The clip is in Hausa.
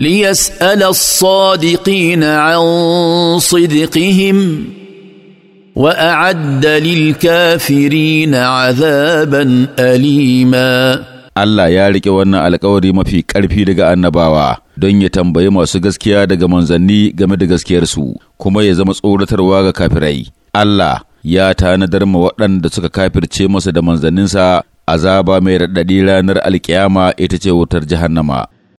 ليسال الصادقين عن صدقهم واعد للكافرين عذابا اليما Allah ya riƙe wannan alkawari mafi ƙarfi daga annabawa don ya tambayi masu gaskiya daga manzanni game da gaskiyarsu kuma ya zama tsoratarwa ga kafirai. Allah ya tanadar ma waɗanda suka kafirce masa da manzanninsa azaba mai raɗaɗi ranar alkiyama ita ce wutar jahannama.